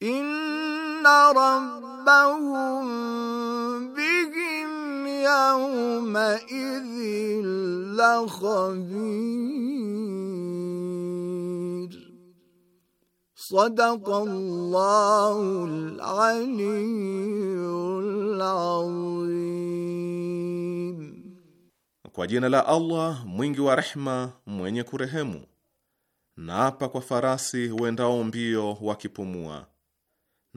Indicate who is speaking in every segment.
Speaker 1: inna rabbahum bihim yawma idhin lakhabir صدق الله العلي العظيم
Speaker 2: Kwa jina la Allah mwingi wa rehma mwenye kurehemu. Naapa kwa farasi wendao mbio wakipumua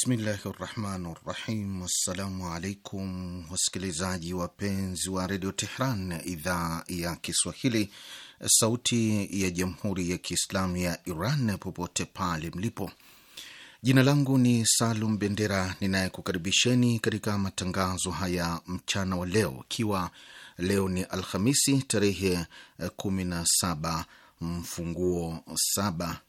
Speaker 3: Bismillahi rahmani rahim. Wassalamu alaikum wasikilizaji wapenzi wa redio Tehran, idhaa ya Kiswahili, sauti ya jamhuri ya Kiislamu ya Iran, popote pale mlipo. Jina langu ni Salum Bendera ninayekukaribisheni katika matangazo haya mchana wa leo, ikiwa leo ni Alhamisi tarehe 17 mfunguo saba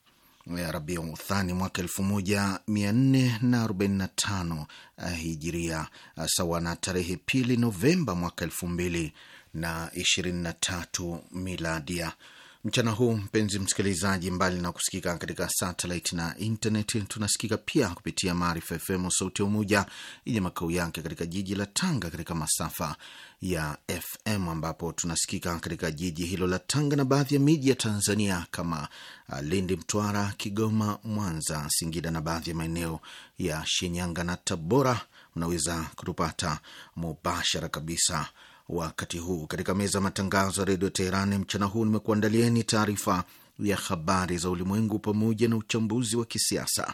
Speaker 3: Rabiu Uthani mwaka elfu moja mia nne na arobaini na tano eh, hijiria eh, sawa na tarehe pili Novemba mwaka elfu mbili na ishirini na tatu miladia mchana huu. Mpenzi msikilizaji, mbali na kusikika katika satelit na intnet tunasikika pia kupitia Maarifa FM Sauti ya Umoja yenye makao yake katika jiji la Tanga katika masafa ya FM, ambapo tunasikika katika jiji hilo la Tanga na baadhi ya miji ya Tanzania kama uh, Lindi, Mtwara, Kigoma, Mwanza, Singida na baadhi ya maeneo ya Shinyanga na Tabora. Mnaweza kutupata mubashara kabisa wakati huu. Katika meza ya matangazo ya redio Teherani mchana huu nimekuandalieni taarifa ya habari za ulimwengu pamoja na uchambuzi wa kisiasa.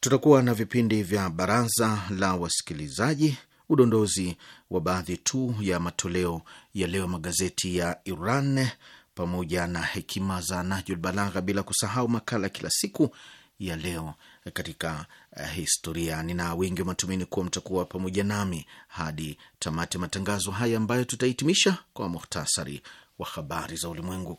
Speaker 3: Tutakuwa na vipindi vya baraza la wasikilizaji, udondozi wa baadhi tu ya matoleo ya leo magazeti ya Iran, pamoja na hekima za Nahjul Balagha, bila kusahau makala kila siku ya leo katika uh, historia. Nina wingi wa matumaini kuwa mtakuwa pamoja nami hadi tamati matangazo haya ambayo tutahitimisha kwa muhtasari wa habari za ulimwengu.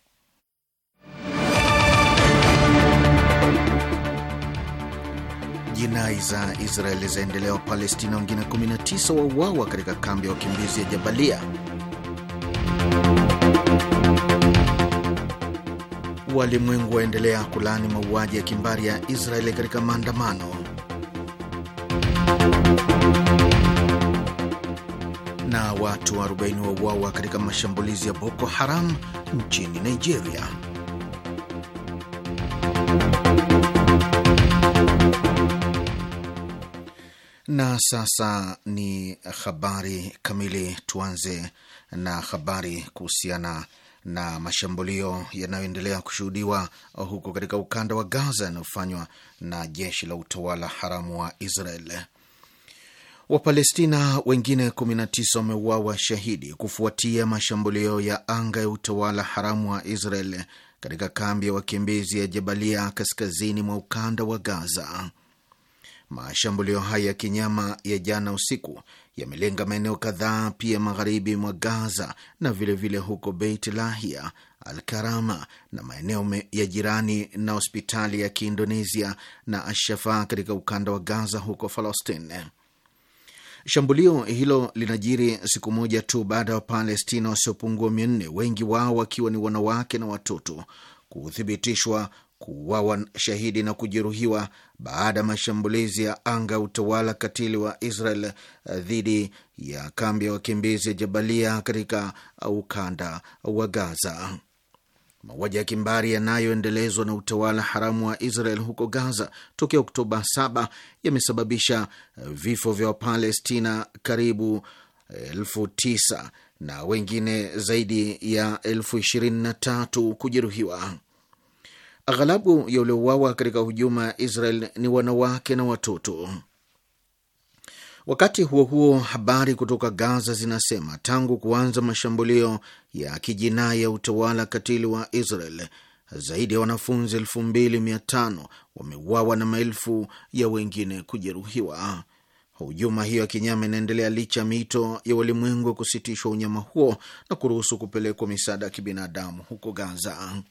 Speaker 3: Jinai za Israeli zaendelea, Wapalestina wengine 19 wauawa katika kambi ya wakimbizi ya Jabalia. Walimwengu waendelea kulaani mauaji ya kimbari ya Israeli katika maandamano, na watu 40 wauawa katika mashambulizi ya Boko Haram nchini Nigeria. Na sasa ni habari kamili. Tuanze na habari kuhusiana na mashambulio yanayoendelea kushuhudiwa huko katika ukanda wa Gaza yanayofanywa na jeshi la utawala haramu wa Israel. Wapalestina wengine 19 wameuawa shahidi kufuatia mashambulio ya anga ya utawala haramu wa Israel katika kambi ya wakimbizi ya Jabalia kaskazini mwa ukanda wa Gaza. Mashambulio haya ya kinyama ya jana usiku yamelenga maeneo kadhaa pia magharibi mwa Gaza na vilevile vile huko Beit Lahia, Al Karama na maeneo ya jirani na hospitali ya Kiindonesia na ashafa katika ukanda wa Gaza huko Palestine. Shambulio hilo linajiri siku moja tu baada ya Wapalestina wasiopungua mia nne, wengi wao wakiwa ni wanawake na watoto, kuthibitishwa kuuawa shahidi na kujeruhiwa baada ya mashambulizi ya anga ya utawala katili wa Israel eh, dhidi ya kambi ya wakimbizi ya Jabalia katika eh, ukanda wa Gaza. Mauaji ya kimbari yanayoendelezwa na utawala haramu wa Israel huko Gaza tokea Oktoba 7 yamesababisha eh, vifo vya Wapalestina karibu elfu tisa na wengine zaidi ya elfu ishirini na tatu kujeruhiwa. Aghalabu ya waliouawa katika hujuma ya Israel ni wanawake na watoto. Wakati huo huo, habari kutoka Gaza zinasema tangu kuanza mashambulio ya kijinai ya utawala katili wa Israel, zaidi ya wanafunzi 25 wamewawa wameuawa na maelfu ya wengine kujeruhiwa. Hujuma hiyo ya kinyama inaendelea licha ya miito ya walimwengu kusitishwa unyama huo na kuruhusu kupelekwa misaada ya kibinadamu huko Gaza.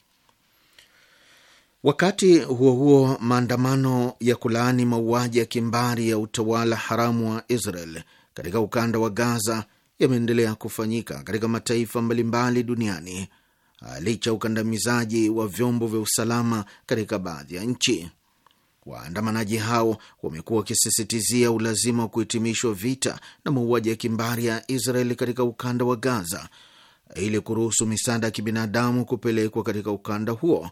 Speaker 3: Wakati huo huo, maandamano ya kulaani mauaji ya kimbari ya utawala haramu wa Israel katika ukanda wa Gaza yameendelea kufanyika katika mataifa mbalimbali duniani licha ukandamizaji wa vyombo vya usalama katika baadhi ya nchi. Waandamanaji hao wamekuwa wakisisitizia ulazima wa kuhitimishwa vita na mauaji ya kimbari ya Israel katika ukanda wa Gaza ili kuruhusu misaada ya kibinadamu kupelekwa katika ukanda huo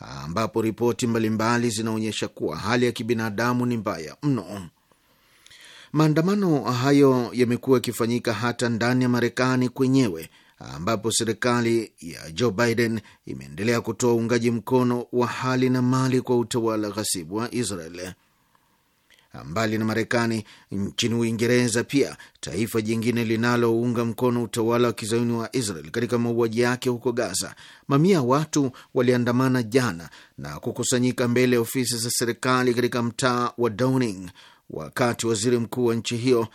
Speaker 3: ambapo ripoti mbalimbali zinaonyesha kuwa hali ya kibinadamu ni mbaya mno. Maandamano hayo yamekuwa yakifanyika hata ndani ya Marekani kwenyewe ambapo serikali ya Joe Biden imeendelea kutoa uungaji mkono wa hali na mali kwa utawala ghasibu wa Israel. Mbali na Marekani, nchini Uingereza pia taifa jingine linalounga mkono utawala wa kizayuni wa Israel katika mauaji yake huko Gaza, mamia ya watu waliandamana jana na kukusanyika mbele ya ofisi za serikali katika mtaa wa Downing wakati waziri mkuu wa nchi hiyo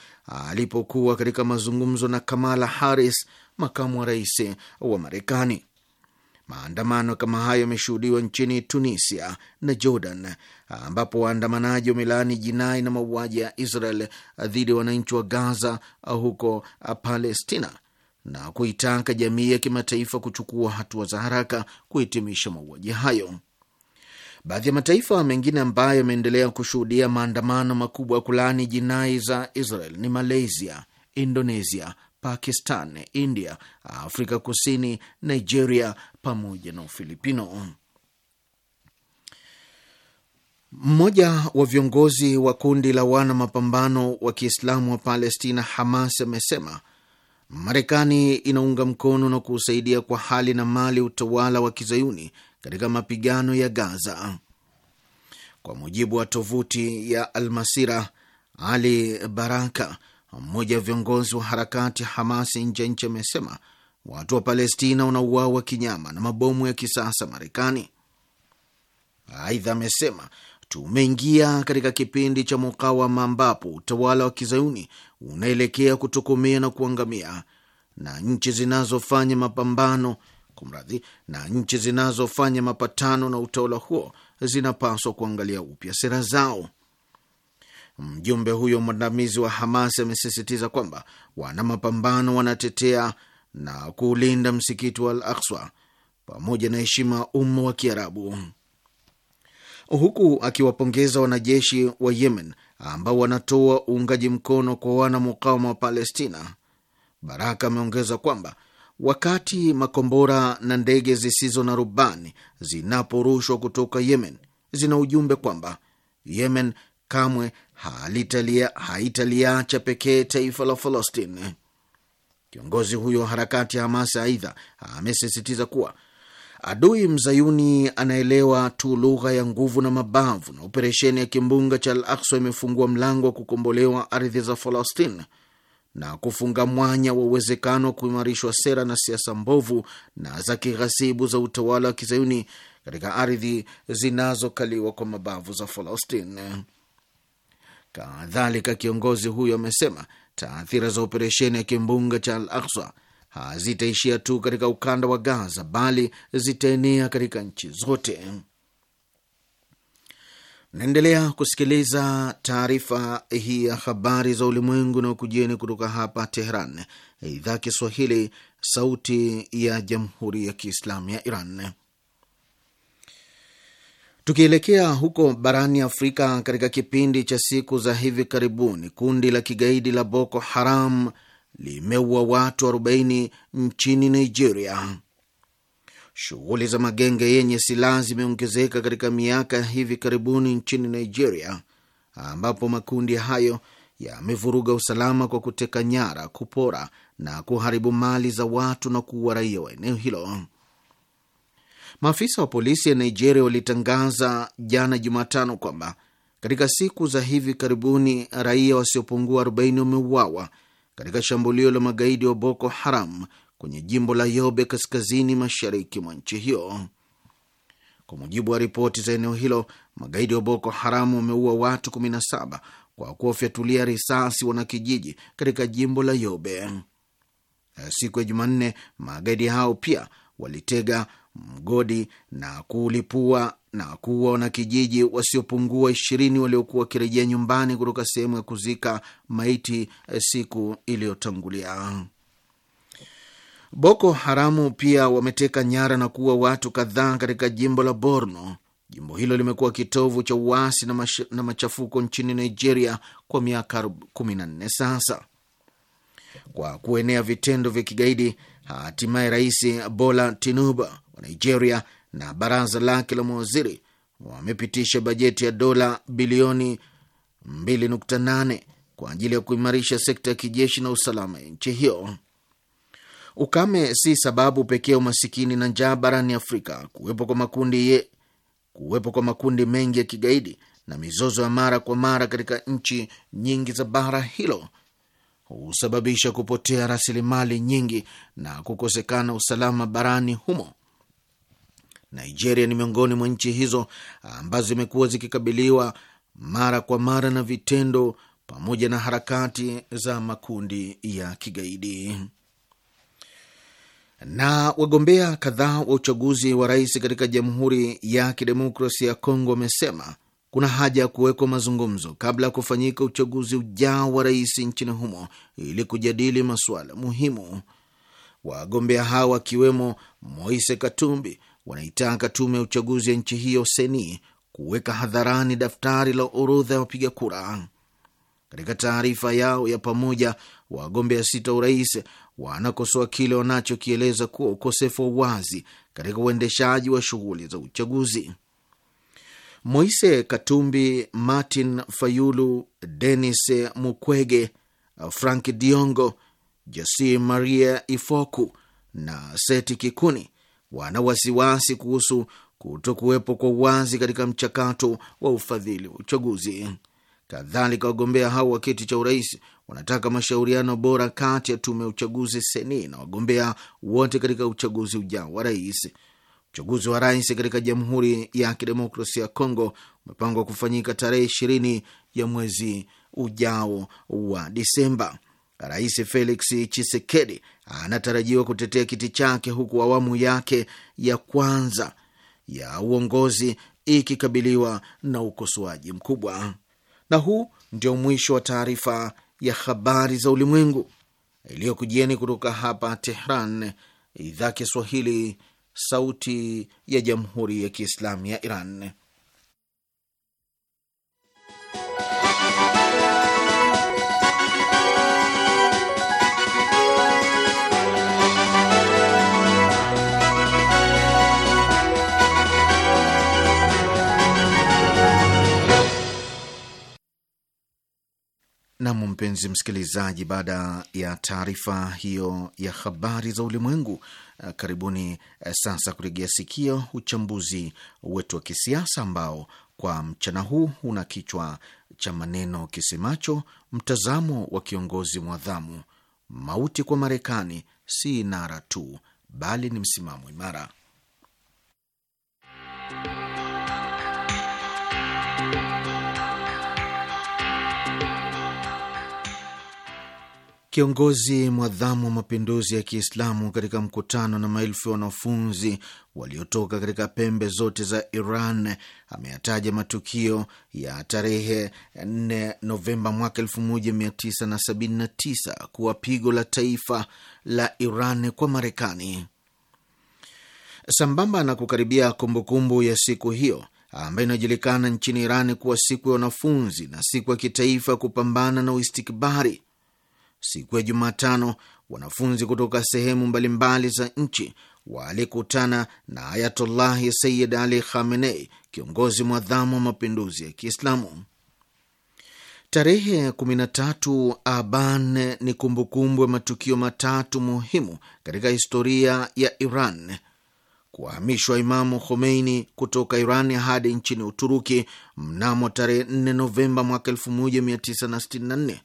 Speaker 3: alipokuwa katika mazungumzo na Kamala Harris, makamu wa rais wa Marekani. Maandamano kama hayo yameshuhudiwa nchini Tunisia na Jordan, ambapo waandamanaji wamelaani jinai na mauaji ya Israel dhidi ya wananchi wa Gaza huko Palestina na kuitaka jamii ya kimataifa kuchukua hatua za haraka kuhitimisha mauaji hayo. Baadhi ya mataifa mengine ambayo yameendelea kushuhudia maandamano makubwa ya kulaani jinai za Israel ni Malaysia, Indonesia, Pakistan, India, Afrika Kusini, Nigeria, pamoja na Ufilipino. Mmoja wa viongozi wa kundi la wana mapambano wa Kiislamu wa Palestina, Hamas, amesema Marekani inaunga mkono na kuusaidia kwa hali na mali utawala wa kizayuni katika mapigano ya Gaza. Kwa mujibu wa tovuti ya Almasira, Ali Baraka, mmoja wa viongozi wa harakati Hamas nje nchi, amesema watu wa Palestina wanauawa kinyama na mabomu ya kisasa Marekani. Aidha amesema tumeingia katika kipindi cha mukawama ambapo utawala wa kizayuni unaelekea kutokomea na kuangamia na nchi zinazofanya mapambano kumradhi, na nchi zinazofanya mapatano na utawala huo zinapaswa kuangalia upya sera zao. Mjumbe huyo mwandamizi wa Hamas amesisitiza kwamba wana mapambano wanatetea na kuulinda msikiti wa Al Akswa pamoja na heshima umma wa Kiarabu, huku akiwapongeza wanajeshi wa Yemen ambao wanatoa uungaji mkono kwa wana mukawama wa Palestina. Baraka ameongeza kwamba wakati makombora na ndege zisizo na rubani zinaporushwa kutoka Yemen zina ujumbe kwamba Yemen kamwe haitaliacha pekee taifa la Falastini. Kiongozi huyo wa harakati ya Hamas aidha amesisitiza kuwa adui mzayuni anaelewa tu lugha ya nguvu na mabavu, na operesheni ya kimbunga cha Al imefungua mlango wa kukombolewa ardhi za Falastin na kufunga mwanya wa uwezekano wa kuimarishwa sera na siasa mbovu na za kighasibu za utawala wa kizayuni katika ardhi zinazokaliwa kwa mabavu za Falastin. Kadhalika, kiongozi huyo amesema taathira za operesheni ya kimbunga cha Al Aksa hazitaishia tu katika ukanda wa Gaza bali zitaenea katika nchi zote. Naendelea kusikiliza taarifa hii ya habari za ulimwengu na ukujieni kutoka hapa Tehran, idhaa Kiswahili, sauti ya jamhuri ya kiislamu ya Iran. Tukielekea huko barani Afrika, katika kipindi cha siku za hivi karibuni, kundi la kigaidi la Boko Haram limeua watu 40 nchini Nigeria. Shughuli za magenge yenye silaha zimeongezeka katika miaka hivi karibuni nchini Nigeria, ambapo makundi hayo yamevuruga usalama kwa kuteka nyara, kupora na kuharibu mali za watu na kuua raia wa eneo hilo. Maafisa wa polisi ya Nigeria walitangaza jana Jumatano kwamba katika siku za hivi karibuni raia wasiopungua 40 wameuawa katika shambulio la magaidi wa Boko Haram kwenye jimbo la Yobe kaskazini mashariki mwa nchi hiyo. Kwa mujibu wa ripoti za eneo hilo, magaidi wa Boko Haram wameua watu 17 kwa kuwafyatulia risasi wanakijiji katika jimbo la Yobe. Siku ya Jumanne, magaidi hao pia walitega mgodi na kuulipua na kuwa wanakijiji wasiopungua ishirini waliokuwa wakirejea nyumbani kutoka sehemu ya kuzika maiti eh, siku iliyotangulia. Boko Haramu pia wameteka nyara na kuua watu kadhaa katika jimbo la Borno. Jimbo hilo limekuwa kitovu cha uasi na, na machafuko nchini Nigeria kwa miaka 14 sasa. Kwa kuenea vitendo vya kigaidi, hatimaye Rais Bola Tinubu wa Nigeria na baraza lake la mawaziri wamepitisha bajeti ya dola bilioni 2.8 kwa ajili ya kuimarisha sekta ya kijeshi na usalama ya nchi hiyo. Ukame si sababu pekee ya umasikini na njaa barani Afrika. Kuwepo kwa makundi ye, kuwepo kwa makundi mengi ya kigaidi na mizozo ya mara kwa mara katika nchi nyingi za bara hilo husababisha kupotea rasilimali nyingi na kukosekana usalama barani humo Nigeria ni miongoni mwa nchi hizo ambazo zimekuwa zikikabiliwa mara kwa mara na vitendo pamoja na harakati za makundi ya kigaidi. Na wagombea kadhaa wa uchaguzi wa rais katika Jamhuri ya Kidemokrasia ya Kongo wamesema kuna haja ya kuwekwa mazungumzo kabla ya kufanyika uchaguzi ujao wa rais nchini humo ili kujadili masuala muhimu. Wagombea hao wakiwemo Moise Katumbi wanaitaka tume ya uchaguzi ya nchi hiyo seni kuweka hadharani daftari la orodha ya wapiga kura. Katika taarifa yao ya pamoja, wagombea sita urais wanakosoa kile wanachokieleza kuwa ukosefu wa uwazi katika uendeshaji wa shughuli za uchaguzi. Moise Katumbi, Martin Fayulu, Denis Mukwege, Frank Diongo, Jose Maria Ifoku na Seti Kikuni wana wasiwasi kuhusu kuto kuwepo kwa uwazi katika mchakato wa ufadhili wa uchaguzi. Kadhalika, wagombea hao wa kiti cha urais wanataka mashauriano bora kati ya tume ya uchaguzi seni na wagombea wote katika uchaguzi ujao wa rais. Uchaguzi wa rais katika Jamhuri ya Kidemokrasia ya Kongo umepangwa kufanyika tarehe ishirini ya mwezi ujao wa Disemba. Rais Felix chisekedi anatarajiwa kutetea kiti chake huku awamu yake ya kwanza ya uongozi ikikabiliwa na ukosoaji mkubwa. Na huu ndio mwisho wa taarifa ya habari za ulimwengu iliyokujieni kutoka hapa Tehran, idhaa Kiswahili, sauti ya jamhuri ya kiislamu ya Iran. Nam, mpenzi msikilizaji, baada ya taarifa hiyo ya habari za ulimwengu, eh, karibuni eh, sasa kuregea sikio uchambuzi wetu wa kisiasa ambao kwa mchana huu una kichwa cha maneno kisemacho mtazamo wa kiongozi mwadhamu, mauti kwa Marekani si inara tu bali ni msimamo imara. Kiongozi mwadhamu wa mapinduzi ya Kiislamu katika mkutano na maelfu ya wanafunzi waliotoka katika pembe zote za Iran ameyataja matukio ya tarehe 4 Novemba mwaka 1979 kuwa pigo la taifa la Iran kwa Marekani, sambamba na kukaribia kumbukumbu ya siku hiyo ambayo inajulikana nchini Iran kuwa siku ya wanafunzi na siku ya kitaifa kupambana na uistikbari siku ya Jumatano, wanafunzi kutoka sehemu mbalimbali za nchi walikutana na Ayatullahi Sayyid Ali Khamenei, kiongozi mwadhamu wa mapinduzi ya Kiislamu. Tarehe 13 Aban ni kumbukumbu ya matukio matatu muhimu katika historia ya Iran: kuhamishwa Imamu Khomeini kutoka Iran hadi nchini Uturuki mnamo tarehe 4 Novemba mwaka 1964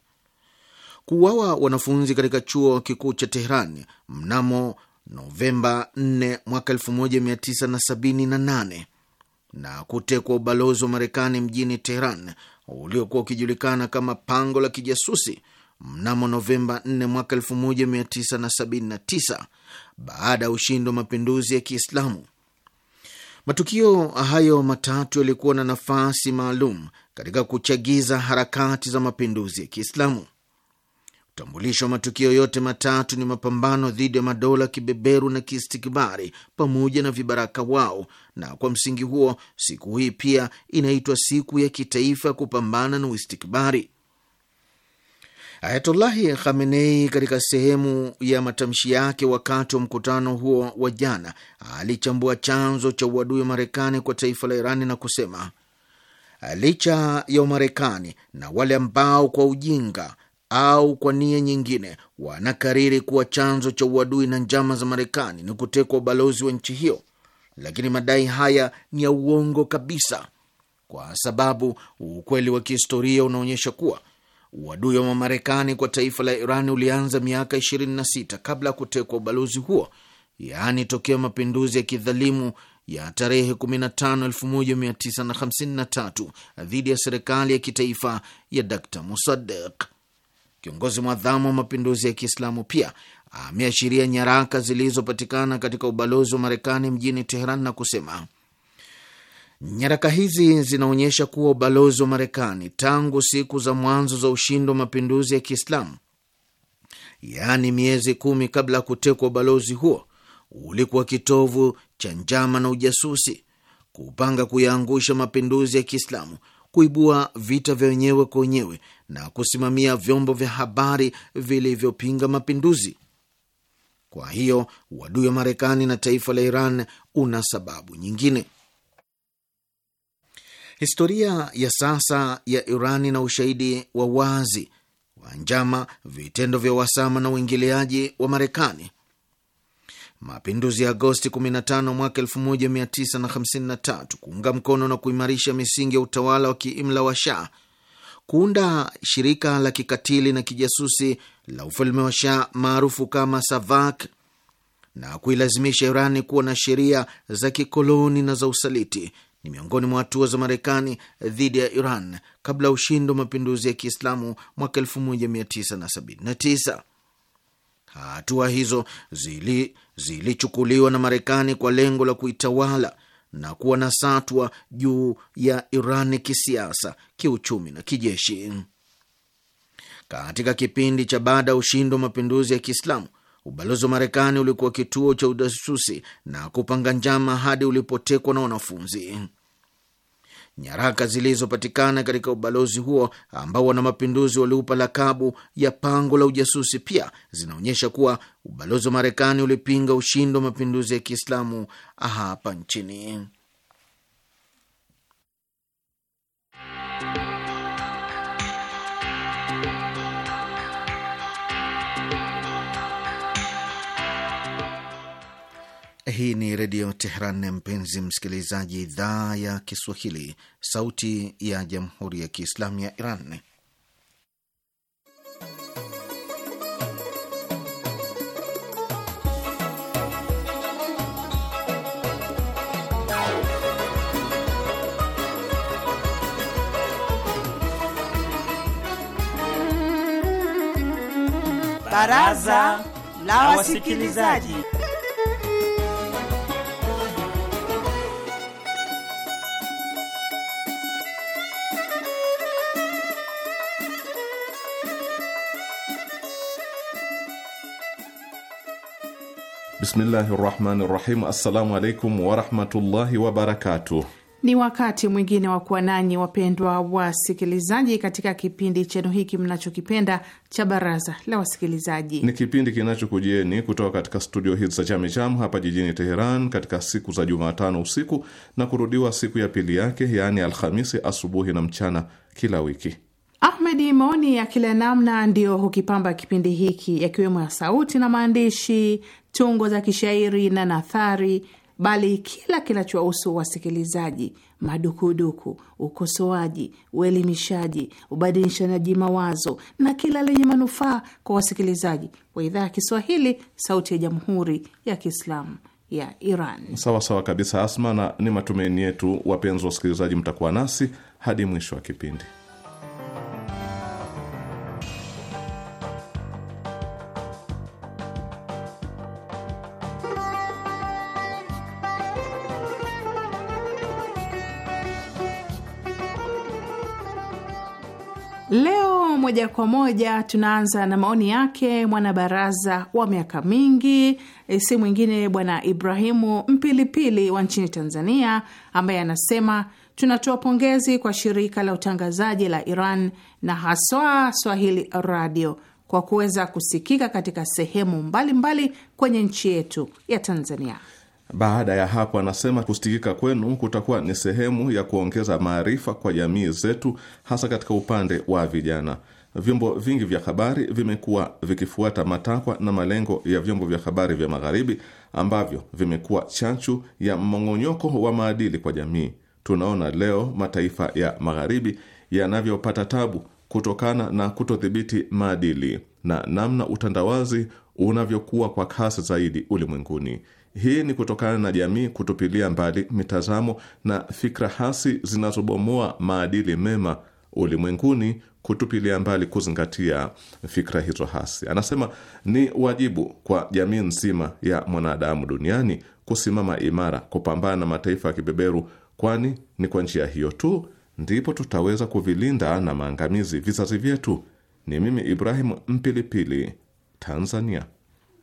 Speaker 3: kuuawa wanafunzi katika chuo kikuu cha Teheran mnamo Novemba 4 mwaka 1978 na kutekwa ubalozi wa Marekani mjini Teheran uliokuwa ukijulikana kama pango la kijasusi mnamo Novemba 4 mwaka 1979 baada ya ushindi wa mapinduzi ya Kiislamu. Matukio hayo matatu yalikuwa na nafasi maalum katika kuchagiza harakati za mapinduzi ya Kiislamu. Utambulisho wa matukio yote matatu ni mapambano dhidi ya madola kibeberu na kiistikibari pamoja na vibaraka wao, na kwa msingi huo siku hii pia inaitwa siku ya kitaifa ya kupambana na uistikibari. Ayatullahi Khamenei katika sehemu ya matamshi yake wakati wa mkutano huo wa jana alichambua chanzo cha uadui wa Marekani kwa taifa la Irani na kusema licha ya Umarekani na wale ambao kwa ujinga au kwa nia nyingine wanakariri kuwa chanzo cha uadui na njama za Marekani ni kutekwa ubalozi wa nchi hiyo, lakini madai haya ni ya uongo kabisa, kwa sababu ukweli wa kihistoria unaonyesha kuwa uadui wa Marekani kwa taifa la Iran ulianza miaka 26 kabla ya kutekwa ubalozi huo, yaani tokea mapinduzi ya kidhalimu ya tarehe 15 1953 dhidi ya serikali ya kitaifa ya Dr Musadek. Kiongozi mwadhamu wa mapinduzi ya Kiislamu pia ameashiria nyaraka zilizopatikana katika ubalozi wa Marekani mjini Teheran na kusema nyaraka hizi zinaonyesha kuwa ubalozi wa Marekani tangu siku za mwanzo za ushindi wa mapinduzi ya Kiislamu, yaani miezi kumi kabla ya kutekwa ubalozi huo, ulikuwa kitovu cha njama na ujasusi kupanga kuyaangusha mapinduzi ya Kiislamu kuibua vita vya wenyewe kwa wenyewe na kusimamia vyombo vya habari vilivyopinga mapinduzi. Kwa hiyo uadui wa Marekani na taifa la Iran una sababu nyingine. Historia ya sasa ya Irani na ushahidi wa wazi wa njama, vitendo vya uhasama na uingiliaji wa Marekani mapinduzi ya Agosti 15 mwaka 1953 kuunga mkono na kuimarisha misingi ya utawala wa kiimla wa Shah, kuunda shirika la kikatili na kijasusi la ufalme wa Shah maarufu kama SAVAK na kuilazimisha Irani kuwa na sheria za kikoloni na za usaliti ni miongoni mwa hatua za Marekani dhidi ya Iran kabla ya ushindi wa mapinduzi ya Kiislamu mwaka 1979. Hatua hizo zili zilichukuliwa na Marekani kwa lengo la kuitawala na kuwa na satwa juu ya Irani kisiasa, kiuchumi na kijeshi. Katika kipindi cha baada ya ushindi wa mapinduzi ya Kiislamu, ubalozi wa Marekani ulikuwa kituo cha ujasusi na kupanga njama hadi ulipotekwa na wanafunzi. Nyaraka zilizopatikana katika ubalozi huo ambao wana mapinduzi waliupa lakabu ya pango la ujasusi pia zinaonyesha kuwa ubalozi wa Marekani ulipinga ushindi wa mapinduzi ya Kiislamu hapa nchini. Hii ni Redio Teheran, mpenzi msikilizaji, idhaa ya Kiswahili, sauti ya jamhuri ya kiislamu ya Iran.
Speaker 4: Baraza la Wasikilizaji.
Speaker 2: Bismillahi rahmani rahim. Assalamu alaikum warahmatullahi wabarakatuh.
Speaker 4: Ni wakati mwingine wa kuwa nanyi wapendwa wasikilizaji, katika kipindi chenu hiki mnachokipenda cha baraza la wasikilizaji. Ni
Speaker 2: kipindi kinachokujieni kutoka katika studio hizi za Chamicham hapa jijini Teheran katika siku za Jumatano usiku na kurudiwa siku ya pili yake, yaani Alhamisi asubuhi na mchana kila wiki.
Speaker 4: Ahmed maoni ya kila namna ndiyo hukipamba kipindi hiki, yakiwemo ya sauti na maandishi, tungo za kishairi na nathari, bali kila kinachowahusu wasikilizaji: madukuduku, ukosoaji, uelimishaji, ubadilishanaji mawazo na kila lenye manufaa kwa wasikilizaji wa idhaa ya Kiswahili, Sauti ya Jamhuri ya Kiislamu ya Iran.
Speaker 2: Sawa sawa kabisa, Asma, na ni matumaini yetu wapenzi wasikilizaji, mtakuwa nasi hadi mwisho wa kipindi.
Speaker 4: moja kwa moja tunaanza na maoni yake mwanabaraza wa miaka mingi, eh, si mwingine Bwana Ibrahimu Mpilipili wa nchini Tanzania, ambaye anasema tunatoa pongezi kwa shirika la utangazaji la Iran na haswa Swahili Radio kwa kuweza kusikika katika sehemu mbalimbali mbali kwenye nchi yetu ya Tanzania.
Speaker 2: Baada ya hapo, anasema kusikika kwenu kutakuwa ni sehemu ya kuongeza maarifa kwa jamii zetu, hasa katika upande wa vijana vyombo vingi vya habari vimekuwa vikifuata matakwa na malengo ya vyombo vya habari vya Magharibi ambavyo vimekuwa chachu ya mmong'onyoko wa maadili kwa jamii. Tunaona leo mataifa ya Magharibi yanavyopata tabu kutokana na kutodhibiti maadili na namna utandawazi unavyokuwa kwa kasi zaidi ulimwenguni. Hii ni kutokana na jamii kutupilia mbali mitazamo na fikra hasi zinazobomoa maadili mema ulimwenguni kutupilia mbali kuzingatia fikra hizo hasi. Anasema ni wajibu kwa jamii nzima ya mwanadamu duniani kusimama imara kupambana na mataifa ya kibeberu, kwani ni kwa njia hiyo tu ndipo tutaweza kuvilinda na maangamizi vizazi vyetu. Ni mimi Ibrahimu Mpilipili, Tanzania.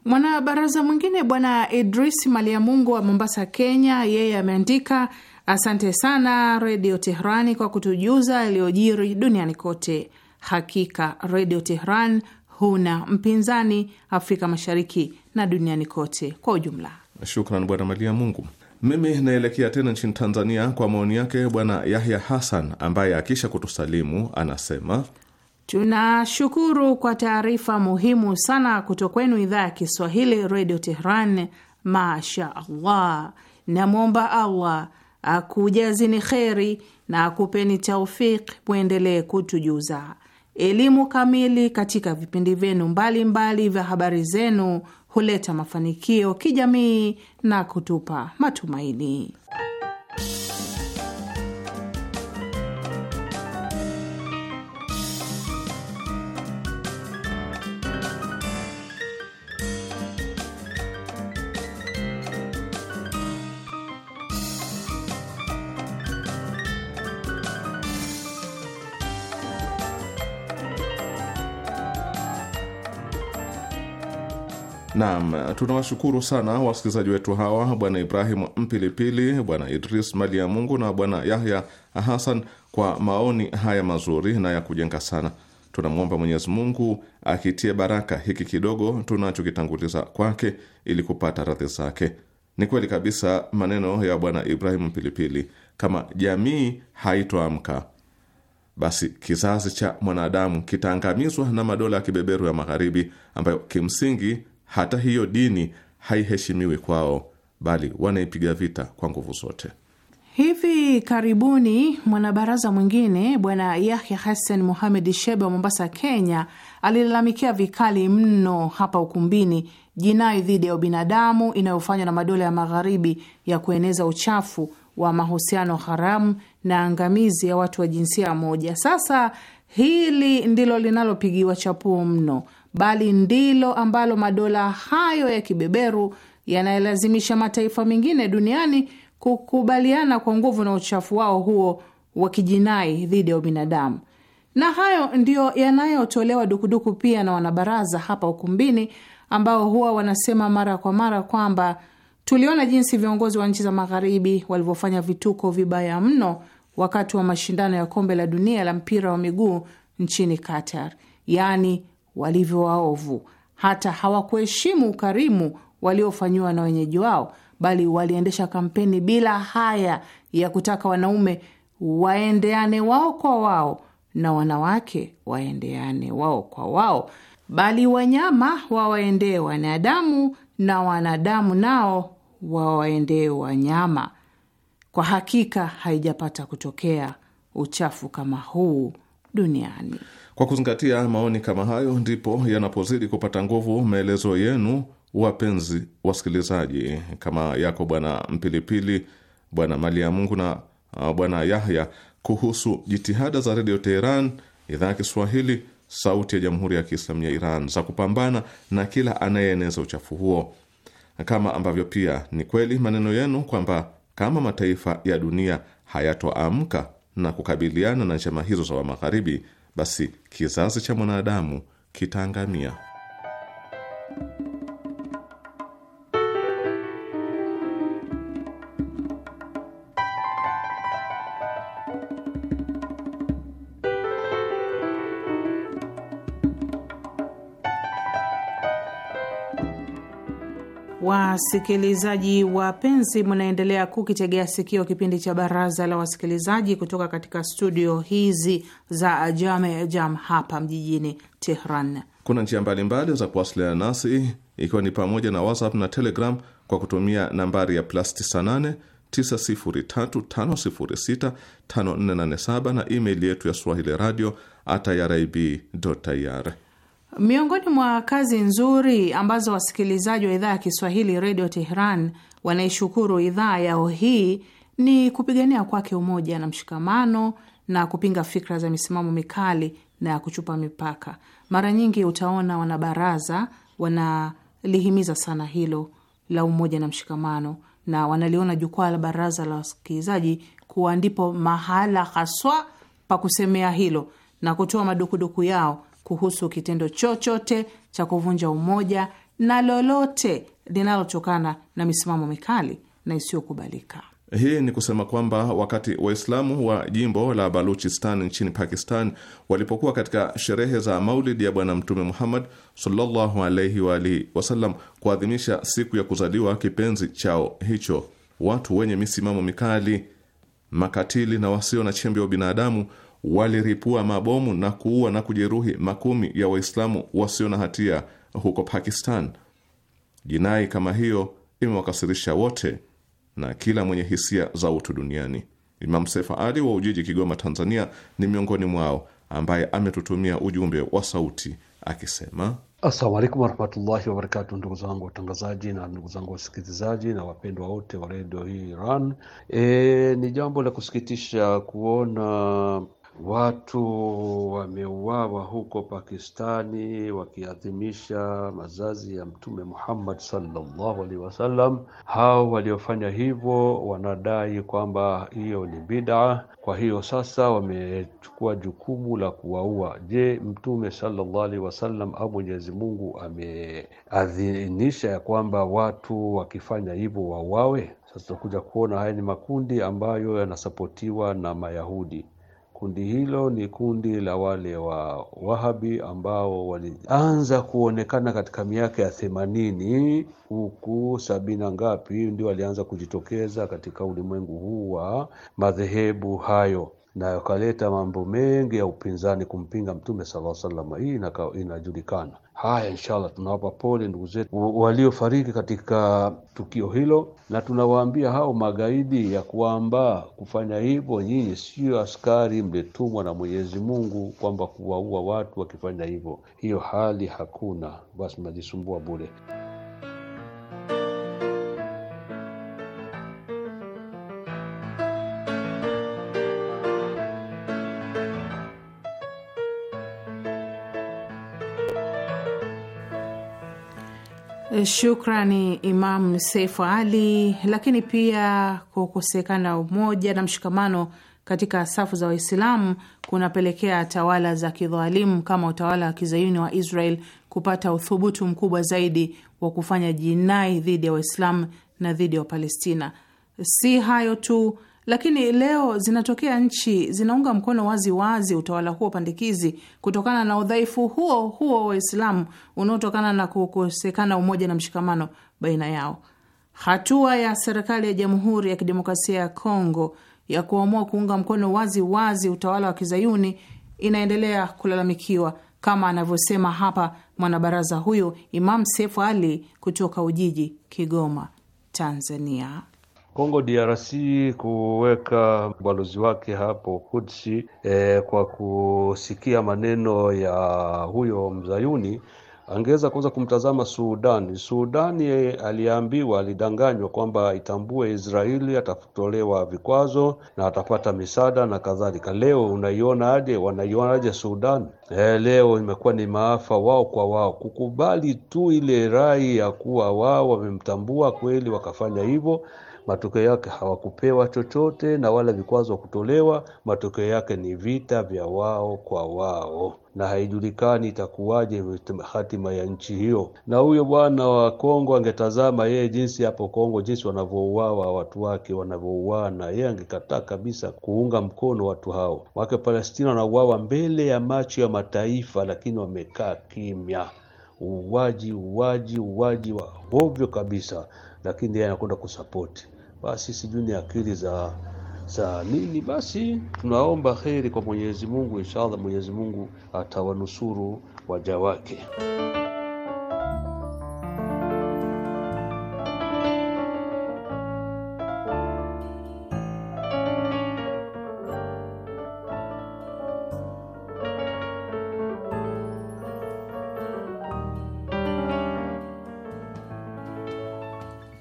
Speaker 4: Mwanabaraza mwingine Bwana Idris Maliamungu wa Mombasa, Kenya, yeye ameandika Asante sana Redio Teherani kwa kutujuza yaliyojiri duniani kote. Hakika Redio Teheran huna mpinzani Afrika Mashariki na duniani kote kwa ujumla.
Speaker 2: Shukran Bwana Malia Mungu. Mimi naelekea tena nchini Tanzania kwa maoni yake Bwana Yahya Hassan ambaye akisha kutusalimu anasema
Speaker 4: tunashukuru kwa taarifa muhimu sana kutoka kwenu idhaa ya Kiswahili Redio tehran Masha Allah, namwomba Allah akujazini kheri na akupeni taufiki mwendelee kutujuza elimu kamili katika vipindi vyenu mbalimbali vya habari zenu huleta mafanikio kijamii na kutupa matumaini.
Speaker 2: Naam, tunawashukuru sana wasikilizaji wetu hawa, Bwana ibrahim Mpilipili, Bwana Idris Mali ya Mungu na Bwana Yahya Hasan kwa maoni haya mazuri na ya kujenga sana. Tunamwomba Mwenyezi Mungu akitie baraka hiki kidogo tunachokitanguliza kwake ili kupata radhi zake. Ni kweli kabisa maneno ya Bwana Ibrahim Pilipili, kama jamii haitoamka basi kizazi cha mwanadamu kitaangamizwa na madola ya kibeberu ya Magharibi, ambayo kimsingi hata hiyo dini haiheshimiwi kwao, bali wanaipiga vita kwa nguvu zote.
Speaker 4: Hivi karibuni mwanabaraza mwingine Bwana Yahya Hassan Muhamed Shebe wa Mombasa, Kenya, alilalamikia vikali mno hapa ukumbini jinai dhidi ya ubinadamu inayofanywa na madola ya Magharibi ya kueneza uchafu wa mahusiano haramu na angamizi ya watu wa jinsia moja. Sasa hili ndilo linalopigiwa chapuo mno bali ndilo ambalo madola hayo ya kibeberu yanayolazimisha mataifa mengine duniani kukubaliana kwa nguvu na uchafu wao huo wa kijinai dhidi ya ubinadamu. Na hayo ndiyo yanayotolewa dukuduku pia na wanabaraza hapa ukumbini, ambao huwa wanasema mara kwa mara kwamba tuliona jinsi viongozi wa nchi za magharibi walivyofanya vituko vibaya mno wakati wa mashindano ya kombe la dunia la mpira wa miguu nchini Qatar, yaani walivyo waovu, hata hawakuheshimu ukarimu waliofanyiwa na wenyeji wao, bali waliendesha kampeni bila haya ya kutaka wanaume waendeane wao kwa wao na wanawake waendeane wao kwa wao, bali wanyama wawaendee wanadamu na wanadamu nao wawaendee wanyama. Kwa hakika haijapata kutokea uchafu kama huu duniani.
Speaker 2: Kwa kuzingatia maoni kama hayo, ndipo yanapozidi kupata nguvu maelezo yenu, wapenzi wasikilizaji, kama yako Bwana Mpilipili, Bwana Mali ya Mungu na uh, Bwana Yahya kuhusu jitihada za Redio Teheran, idhaa ya Kiswahili, sauti ya Jamhuri ya Kiislamu ya Iran, za kupambana na kila anayeeneza uchafu huo, kama ambavyo pia ni kweli maneno yenu kwamba kama mataifa ya dunia hayatoamka na kukabiliana na njama hizo za Wamagharibi basi kizazi cha mwanadamu kitaangamia.
Speaker 4: Wasikilizaji wapenzi, mnaendelea kukitegea sikio kipindi cha baraza la wasikilizaji kutoka katika studio hizi za Jame Jam hapa mjijini Tehran.
Speaker 2: Kuna njia mbalimbali za kuwasiliana nasi ikiwa ni pamoja na WhatsApp na Telegram kwa kutumia nambari ya plus 98 9035065487 na email yetu ya swahili radio at irib.ir.
Speaker 4: Miongoni mwa kazi nzuri ambazo wasikilizaji wa idhaa ya Kiswahili redio Tehran wanaishukuru idhaa yao hii ni kupigania kwake umoja na mshikamano na kupinga fikra za misimamo mikali na ya kuchupa mipaka. Mara nyingi utaona wanabaraza wanalihimiza sana hilo la umoja na mshikamano, na wanaliona jukwaa la baraza la wasikilizaji kuwa ndipo mahala haswa pa kusemea hilo na kutoa madukuduku yao kuhusu kitendo chochote cha kuvunja umoja na lolote linalotokana na misimamo mikali na isiyokubalika.
Speaker 2: Hii ni kusema kwamba wakati Waislamu wa jimbo la Baluchistan nchini Pakistan walipokuwa katika sherehe za maulidi ya Bwana Mtume Muhammad sallallahu alaihi wa alihi wasallam kuadhimisha siku ya kuzaliwa kipenzi chao hicho, watu wenye misimamo mikali, makatili na wasio na chembe wa binadamu waliripua mabomu na kuua na kujeruhi makumi ya Waislamu wasio na hatia huko Pakistan. Jinai kama hiyo imewakasirisha wote na kila mwenye hisia za utu duniani. Imam Sefa Ali wa Ujiji, Kigoma, Tanzania, ni miongoni mwao ambaye ametutumia ujumbe wa sauti akisema:
Speaker 5: Assalamu alaikum warahmatullahi wabarakatu, ndugu zangu watangazaji na ndugu zangu wasikilizaji na wapendwa wote wa redio hii Iran. E, ni jambo la kusikitisha kuona Watu wameuawa huko Pakistani wakiadhimisha mazazi ya Mtume Muhammad sallallahu alaihi wasallam. Hao waliofanya hivyo wanadai kwamba hiyo ni bid'a, kwa hiyo sasa wamechukua jukumu la kuwaua. Je, Mtume sallallahu alaihi wasallam au Mwenyezi Mungu ameadhinisha ya kwamba watu wakifanya hivyo wauawe? Sasa tutakuja kuona haya ni makundi ambayo yanasapotiwa na Mayahudi. Kundi hilo ni kundi la wale wa Wahabi ambao walianza kuonekana katika miaka ya themanini huku sabini na ngapi ndio walianza kujitokeza katika ulimwengu huu wa madhehebu hayo na yakaleta mambo mengi ya upinzani kumpinga Mtume sala alaihi Hii inajulikana. Haya, inshallah tunawapa pole ndugu zetu waliofariki katika tukio hilo, na tunawaambia hao magaidi ya kwamba kufanya hivyo nyinyi sio askari mlitumwa na Mwenyezi Mungu kwamba kuwaua watu wakifanya hivyo, hiyo hali hakuna, basi mnajisumbua bure.
Speaker 4: Eh, shukrani Imam Seifu Ali. Lakini pia kukosekana umoja na mshikamano katika safu za Waislamu kunapelekea tawala za kidhalimu kama utawala wa kizayuni wa Israel kupata uthubutu mkubwa zaidi wa kufanya jinai dhidi ya Waislamu na dhidi ya Wapalestina. Si hayo tu, lakini leo zinatokea nchi zinaunga mkono wazi wazi utawala huo pandikizi kutokana na udhaifu huo huo wa Waislamu unaotokana na kukosekana umoja na mshikamano baina yao. Hatua ya serikali ya Jamhuri ya Kidemokrasia ya Kongo ya kuamua kuunga mkono wazi wazi utawala wa kizayuni inaendelea kulalamikiwa kama anavyosema hapa mwanabaraza huyo Imam Sefu Ali kutoka Ujiji, Kigoma, Tanzania.
Speaker 5: Kongo DRC kuweka balozi wake hapo Kudsi eh, kwa kusikia maneno ya huyo mzayuni angeweza kwanza kumtazama Sudani. Sudani eh, aliambiwa, alidanganywa kwamba itambue Israeli, atatolewa vikwazo na atapata misaada na kadhalika. Leo unaionaje? Wanaionaje Sudani? E, eh, leo imekuwa ni maafa wao kwa wao, kukubali tu ile rai ya kuwa wao wamemtambua kweli, wakafanya hivyo matokeo yake hawakupewa chochote na wala vikwazo kutolewa. Matokeo yake ni vita vya wao kwa wao, na haijulikani itakuwaje hatima ya nchi hiyo. Na huyo bwana wa Kongo angetazama yeye jinsi hapo Kongo, jinsi wanavyouawa watu wake wanavyouana, yeye angekataa kabisa kuunga mkono watu hao. Wake Palestina wanauawa mbele ya macho ya mataifa, lakini wamekaa kimya. Uwaji, uwaji, uwaji wa hovyo kabisa, lakini yeye anakwenda kusapoti basi sijui ni akili za za nini. Basi tunaomba heri kwa Mwenyezi Mungu, inshallah Mwenyezi Mungu atawanusuru waja wake.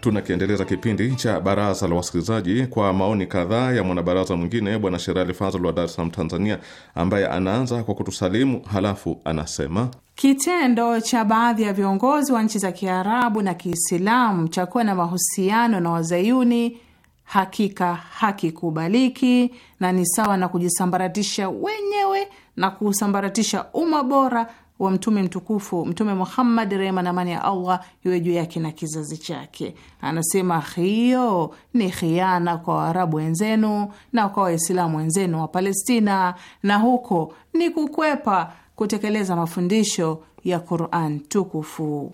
Speaker 2: Tunakiendeleza kipindi cha baraza la wasikilizaji kwa maoni kadhaa ya mwanabaraza mwingine bwana Sherali Fazl wa Dar es Salaam, Tanzania, ambaye anaanza kwa kutusalimu halafu anasema
Speaker 4: kitendo cha baadhi ya viongozi wa nchi za Kiarabu na Kiislamu cha kuwa na mahusiano na wazayuni hakika hakikubaliki na ni sawa na kujisambaratisha wenyewe na kusambaratisha umma bora wa mtume mtukufu Mtume Muhammad, rehma na amani ya Allah iwe juu yake na kizazi chake. Anasema hiyo ni khiana kwa Waarabu wenzenu na kwa Waislamu wenzenu wa Palestina, na huko ni kukwepa kutekeleza mafundisho ya Quran tukufu.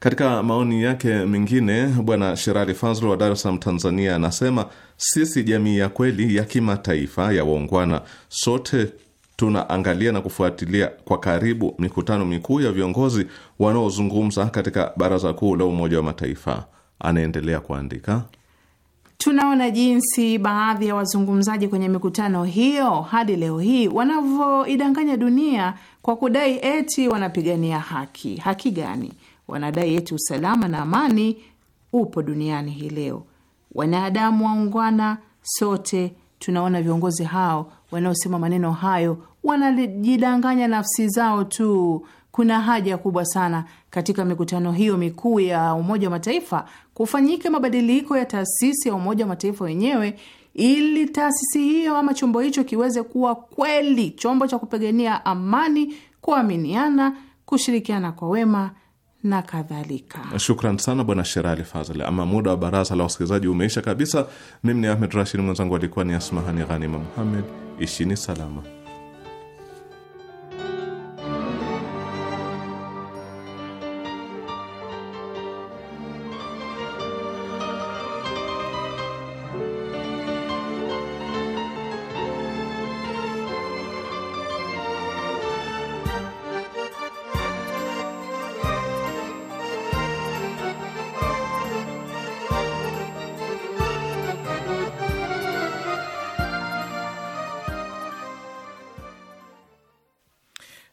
Speaker 2: Katika maoni yake mengine, Bwana Sherali Fazl wa Dar es Salaam, Tanzania, anasema sisi jamii ya kweli ya kimataifa ya waungwana, sote tunaangalia na kufuatilia kwa karibu mikutano mikuu ya viongozi wanaozungumza katika Baraza Kuu la Umoja wa Mataifa. Anaendelea kuandika,
Speaker 4: tunaona jinsi baadhi ya wazungumzaji kwenye mikutano hiyo hadi leo hii wanavyoidanganya dunia kwa kudai eti wanapigania haki. Haki gani? Wanadai eti usalama na amani upo duniani hii leo. Wanadamu waungwana, sote tunaona viongozi hao wanaosema maneno hayo wanajidanganya nafsi zao tu. Kuna haja kubwa sana katika mikutano hiyo mikuu ya Umoja wa Mataifa kufanyika mabadiliko ya taasisi ya Umoja wa Mataifa wenyewe ili taasisi hiyo ama chombo hicho kiweze kuwa kweli chombo cha kupigania amani, kuaminiana, kushirikiana kwa wema na kadhalika.
Speaker 2: Shukran sana Bwana Sherali Fazl. Ama muda wa baraza la wasikilizaji umeisha kabisa. Mimi ni Ahmed Rashid, mwenzangu alikuwa ni Asmahani Ghanima Muhammed. Ishini salama.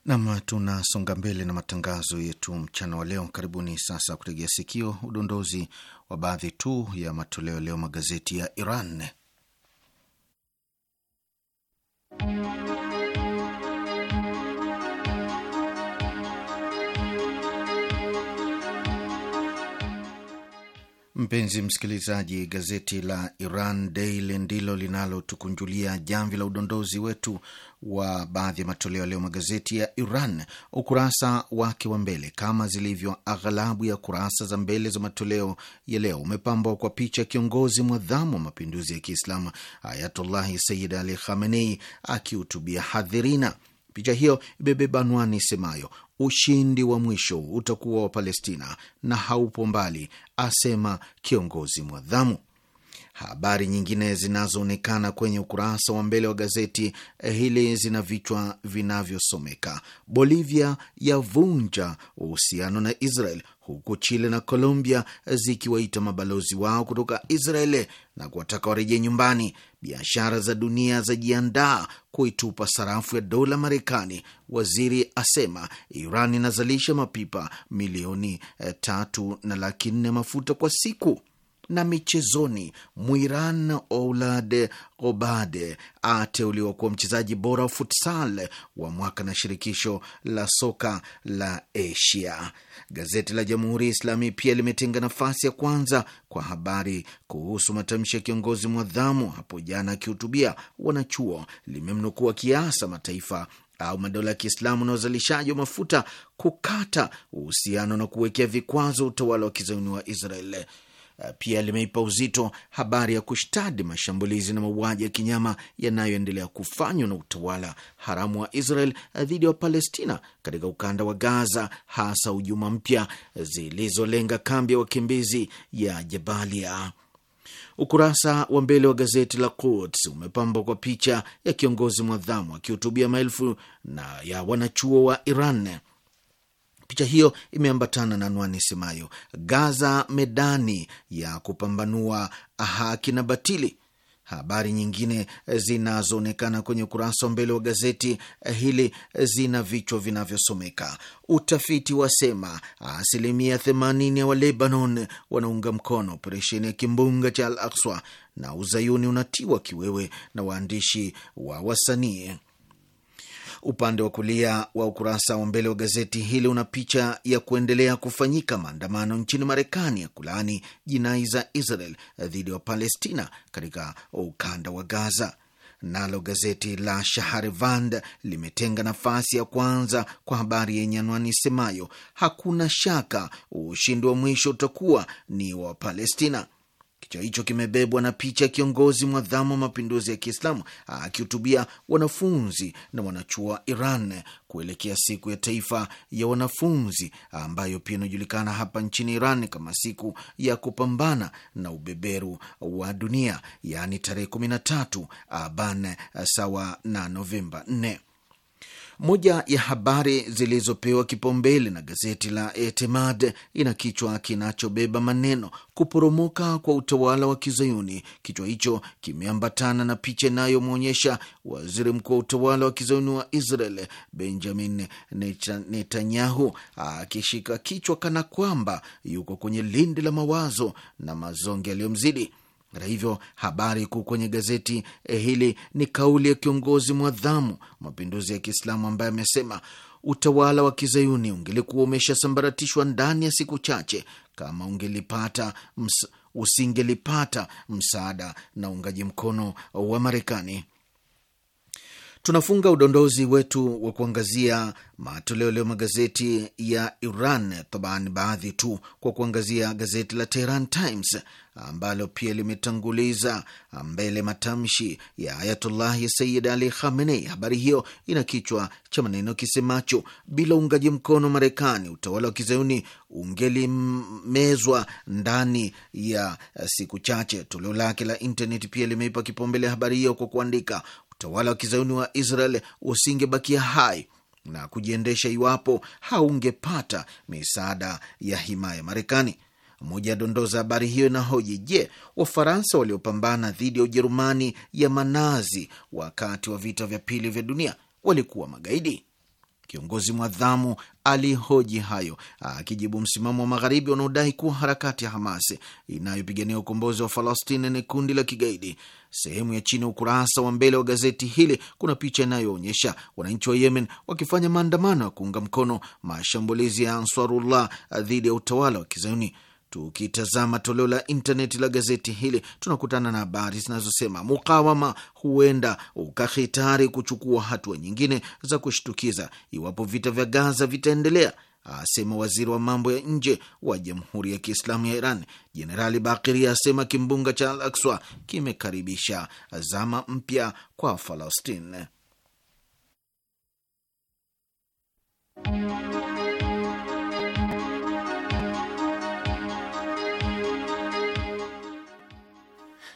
Speaker 3: Nam, tunasonga mbele na matangazo yetu mchana wa leo. Karibuni sasa kutegea sikio udondozi wa baadhi tu ya matoleo leo magazeti ya Iran. Mpenzi msikilizaji, gazeti la Iran Daily ndilo linalotukunjulia jamvi la udondozi wetu wa baadhi ya matoleo leo magazeti ya Iran. Ukurasa wake wa mbele, kama zilivyo aghalabu ya kurasa za mbele za matoleo ya leo, umepambwa kwa picha ya kiongozi mwadhamu wa mapinduzi ya Kiislamu Ayatullahi Sayyid Ali Khamenei akihutubia hadhirina. Picha hiyo imebeba anwani isemayo ushindi wa mwisho utakuwa wa Palestina na haupo mbali, asema kiongozi mwadhamu. Habari nyingine zinazoonekana kwenye ukurasa wa mbele wa gazeti eh, hili zina vichwa vinavyosomeka: Bolivia yavunja uhusiano na Israel, huku Chile na Colombia zikiwaita mabalozi wao kutoka Israeli na kuwataka warejee nyumbani biashara za dunia zajiandaa kuitupa sarafu ya dola Marekani. Waziri asema Iran inazalisha mapipa milioni eh, tatu na laki nne mafuta kwa siku na michezoni, Mwiran Oulad Obade ateuliwa kuwa mchezaji bora wa futsal wa mwaka na shirikisho la soka la Asia. Gazeti la Jamhuri ya Islami pia limetenga nafasi ya kwanza kwa habari kuhusu matamshi ya kiongozi mwadhamu hapo jana akihutubia wanachuo, limemnukua kiasa mataifa au madola ya Kiislamu na uzalishaji wa mafuta kukata uhusiano na kuwekea vikwazo utawala wa kizayuni wa Israel. Eh, pia limeipa uzito habari ya kushtadi mashambulizi na mauaji ya kinyama yanayoendelea kufanywa na utawala haramu wa Israel eh, dhidi ya Palestina katika ukanda wa Gaza, hasa hujuma mpya zilizolenga kambi ya wakimbizi ya Jabalia. Ukurasa wa mbele wa gazeti la Quds umepambwa kwa picha ya kiongozi mwadhamu akihutubia maelfu na ya wanachuo wa Iran. Picha hiyo imeambatana na anwani semayo Gaza, medani ya kupambanua haki na batili. Habari nyingine zinazoonekana kwenye ukurasa wa mbele wa gazeti eh, hili zina vichwa vinavyosomeka: utafiti wasema asilimia 80 ya Walebanon wanaunga mkono operesheni ya kimbunga cha Al Akswa, na uzayuni unatiwa kiwewe na waandishi wa wasanii Upande wa kulia wa ukurasa wa mbele wa gazeti hili una picha ya kuendelea kufanyika maandamano nchini Marekani ya kulaani jinai za Israel dhidi ya Palestina katika ukanda wa Gaza. Nalo gazeti la Shaharvand limetenga nafasi ya kwanza kwa habari yenye anwani semayo, hakuna shaka ushindi wa mwisho utakuwa ni wa Palestina. Kichwa hicho kimebebwa na picha ya kiongozi mwadhamu wa mapinduzi ya Kiislamu akihutubia wanafunzi na wanachuo wa Iran kuelekea siku ya taifa ya wanafunzi ambayo pia inajulikana hapa nchini Iran kama siku ya kupambana na ubeberu wa dunia, yaani tarehe 13 Aban sawa na Novemba 4. Moja ya habari zilizopewa kipaumbele na gazeti la Etemad ina kichwa kinachobeba maneno kuporomoka kwa utawala wa Kizayuni. Kichwa hicho kimeambatana na picha inayomwonyesha waziri mkuu wa utawala wa Kizayuni wa Israel Benjamin Netanyahu akishika kichwa kana kwamba yuko kwenye lindi la mawazo na mazonge yaliyomzidi. Hata hivyo, habari kuu kwenye gazeti eh, hili ni kauli ya kiongozi mwadhamu mapinduzi ya Kiislamu ambaye amesema utawala wa kizayuni ungelikuwa umeshasambaratishwa ndani ya siku chache kama ungelipata ms, usingelipata msaada na uungaji mkono wa Marekani. Tunafunga udondozi wetu wa kuangazia matoleo leo magazeti ya Iran taban, baadhi tu kwa kuangazia gazeti la Tehran Times ambalo pia limetanguliza mbele matamshi ya Ayatullahi Sayyid Ali Khamenei. Habari hiyo ina kichwa cha maneno kisemacho bila uungaji mkono Marekani utawala wa kizayuni ungelimezwa ndani ya siku chache. Toleo lake la intaneti pia limeipa kipaumbele habari hiyo kwa kuandika utawala wa kizayuni wa Israel usingebakia hai na kujiendesha iwapo haungepata misaada ya himaya Marekani. Moja ya dondoo za habari hiyo inahoji: Je, Wafaransa waliopambana dhidi ya Ujerumani ya manazi wakati wa vita vya pili vya dunia walikuwa magaidi? Kiongozi mwadhamu alihoji hayo akijibu msimamo wa magharibi unaodai kuwa harakati ya Hamas inayopigania ukombozi wa Falastini ni kundi la kigaidi. Sehemu ya chini ya ukurasa wa mbele wa gazeti hili kuna picha inayoonyesha wananchi wa Yemen wakifanya maandamano ya kuunga mkono mashambulizi ya Ansarullah dhidi ya utawala wa Kizayuni. Tukitazama toleo la intaneti la gazeti hili tunakutana na habari zinazosema mukawama huenda ukahitari kuchukua hatua nyingine za kushtukiza iwapo vita vya Gaza vitaendelea, asema waziri wa mambo ya nje wa Jamhuri ya Kiislamu ya Iran. Jenerali Bakiri asema kimbunga cha Al kimekaribisha zama mpya kwa Falastine.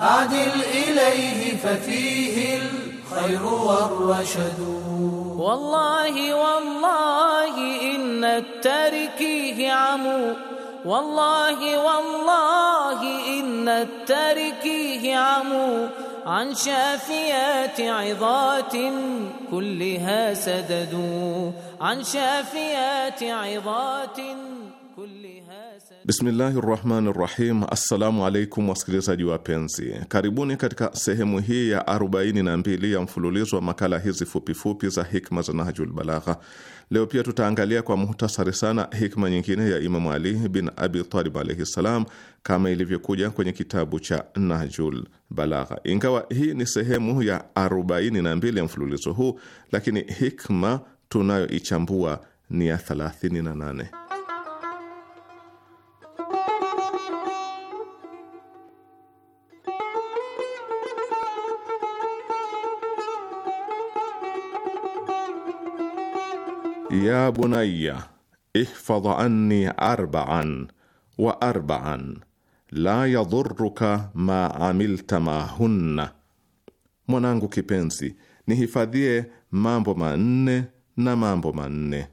Speaker 1: أعدل إليه ففيه الخير والرشد والله والله إن التاركيه عمو والله والله إن التاركيه عمو عن شافيات عظات كلها سددوا عن شافيات
Speaker 6: عظات كلها
Speaker 2: Bismillahi rahmani rahim. Assalamu alaikum wasikilizaji wapenzi, karibuni katika sehemu hii ya 42 ya mfululizo wa makala hizi fupifupi za hikma za Nahjul Balagha. Leo pia tutaangalia kwa muhtasari sana hikma nyingine ya Imamu Ali bin Abi Talib alaihi ssalam, kama ilivyokuja kwenye kitabu cha Nahjul Balagha. Ingawa hii ni sehemu ya 42 ya mfululizo huu, lakini hikma tunayoichambua ni ya 38. ya bunayya ihfadha anni arba'an wa arba'an la yadhurruka ma amilta ma hunna, mwanangu kipenzi, nihifadhie mambo manne na mambo manne,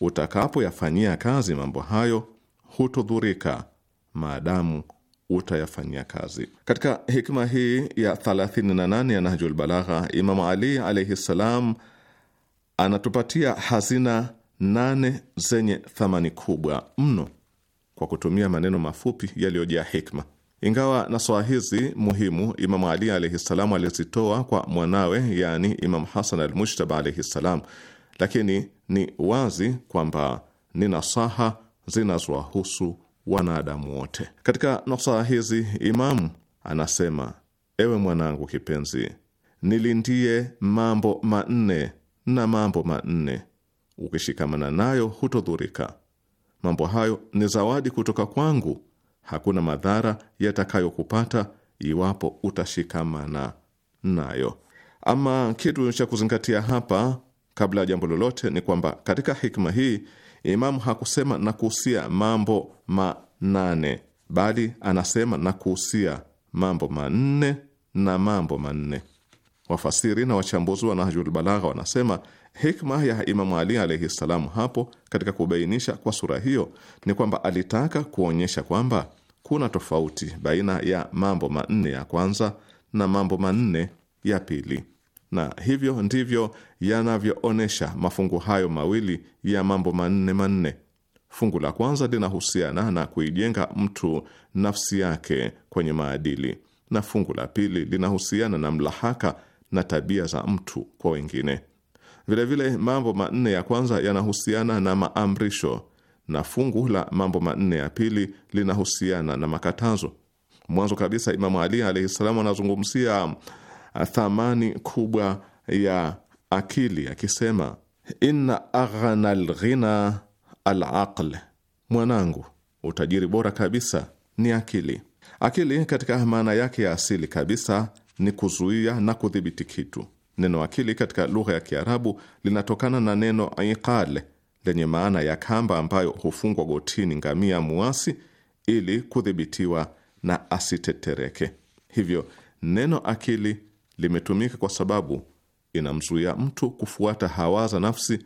Speaker 2: utakapoyafanyia kazi mambo hayo hutodhurika maadamu utayafanyia kazi. Katika hikma hii ya 38 ya Nahjul Balagha, Imamu Ali alaihi ssalam anatupatia hazina nane zenye thamani kubwa mno kwa kutumia maneno mafupi yaliyojaa hikma. Ingawa naswaha hizi muhimu Imamu Ali alaihi ssalam alizitoa kwa mwanawe, yaani Imamu Hasan al Mushtaba alaihi ssalam, lakini ni wazi kwamba ni nasaha zinazowahusu wanadamu wote. Katika nasaha hizi Imamu anasema: ewe mwanangu kipenzi, nilindie mambo manne na mambo manne, ukishikamana nayo hutodhurika. Mambo hayo ni zawadi kutoka kwangu, hakuna madhara yatakayokupata iwapo utashikamana nayo. Ama kitu cha kuzingatia hapa kabla ya jambo lolote ni kwamba katika hikma hii Imamu hakusema na kuhusia mambo manane, bali anasema na kuhusia mambo manne na mambo manne. Wafasiri na wachambuzi wa Nahjul Balagha wanasema hikma ya Imamu Ali alaihi ssalam hapo katika kubainisha kwa sura hiyo ni kwamba alitaka kuonyesha kwamba kuna tofauti baina ya mambo manne ya kwanza na mambo manne ya pili, na hivyo ndivyo yanavyoonyesha mafungu hayo mawili ya mambo manne manne. Fungu la kwanza linahusiana na kuijenga mtu nafsi yake kwenye maadili na fungu la pili linahusiana na mlahaka na tabia za mtu kwa wengine. Vilevile vile, mambo manne ya kwanza yanahusiana na maamrisho na fungu la mambo manne ya pili linahusiana na makatazo. Mwanzo kabisa, Imamu Ali alaihi salam anazungumzia ah, thamani kubwa ya akili akisema, inna aghna lghina alaql, mwanangu, utajiri bora kabisa ni akili. Akili katika maana yake ya asili kabisa ni kuzuia na kudhibiti kitu. Neno akili katika lugha ya Kiarabu linatokana na neno iqal lenye maana ya kamba ambayo hufungwa gotini ngamia muasi ili kudhibitiwa na asitetereke. Hivyo neno akili limetumika kwa sababu inamzuia mtu kufuata hawa za nafsi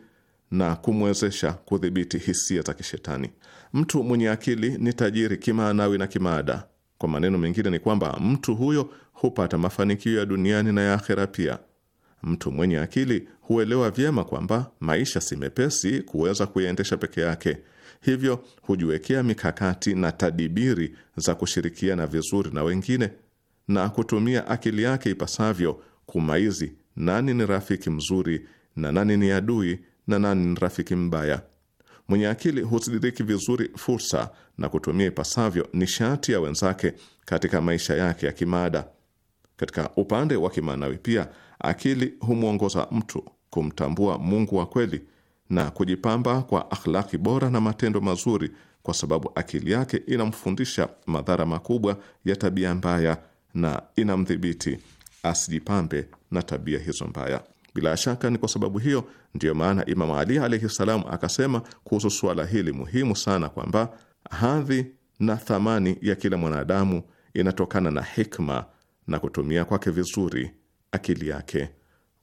Speaker 2: na kumwezesha kudhibiti hisia za kishetani. Mtu mwenye akili ni tajiri kimaanawi na kimaada. Kwa maneno mengine, ni kwamba mtu huyo hupata mafanikio ya duniani na ya akhera pia. Mtu mwenye akili huelewa vyema kwamba maisha si mepesi kuweza kuyaendesha peke yake, hivyo hujiwekea mikakati na tadibiri za kushirikiana vizuri na wengine na kutumia akili yake ipasavyo kumaizi nani ni rafiki mzuri na nani ni adui na nani ni rafiki mbaya. Mwenye akili husidiriki vizuri fursa na kutumia ipasavyo nishati ya wenzake katika maisha yake ya kimaada. Katika upande wa kimaanawi pia, akili humwongoza mtu kumtambua Mungu wa kweli na kujipamba kwa akhlaki bora na matendo mazuri, kwa sababu akili yake inamfundisha madhara makubwa ya tabia mbaya na inamdhibiti asijipambe na tabia hizo mbaya. Bila shaka ni kwa sababu hiyo ndiyo maana Imamu Ali alaihi ssalam akasema kuhusu suala hili muhimu sana kwamba hadhi na thamani ya kila mwanadamu inatokana na hikma na kutumia kwake vizuri akili yake.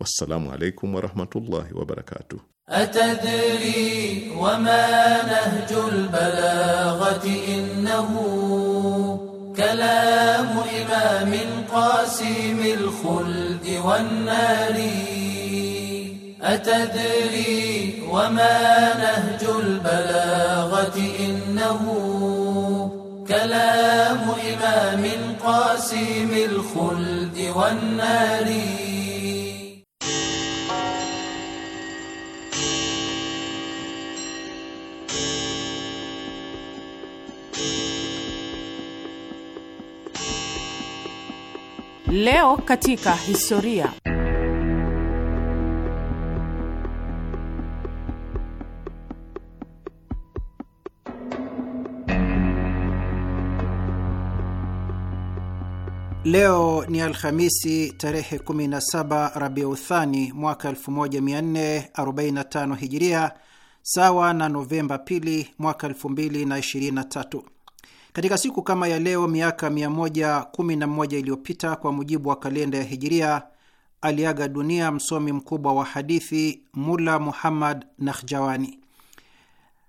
Speaker 2: Wassalamu alaikum warahmatullahi wabarakatuh.
Speaker 1: Atadri wa ma nahju albalaghati innahu kalamu imamin qasimil khuldi wan nari atadri wama nahjul balaghati innahu سلام إمام قاسم الخلد والنار
Speaker 4: Leo katika historia.
Speaker 7: Leo ni Alhamisi tarehe 17 Rabiuthani mwaka 1445 Hijiria, sawa na Novemba 2 mwaka 2023. Katika siku kama ya leo miaka 111 iliyopita kwa mujibu wa kalenda ya Hijiria, aliaga dunia msomi mkubwa wa hadithi Mula Muhammad Nakhjawani.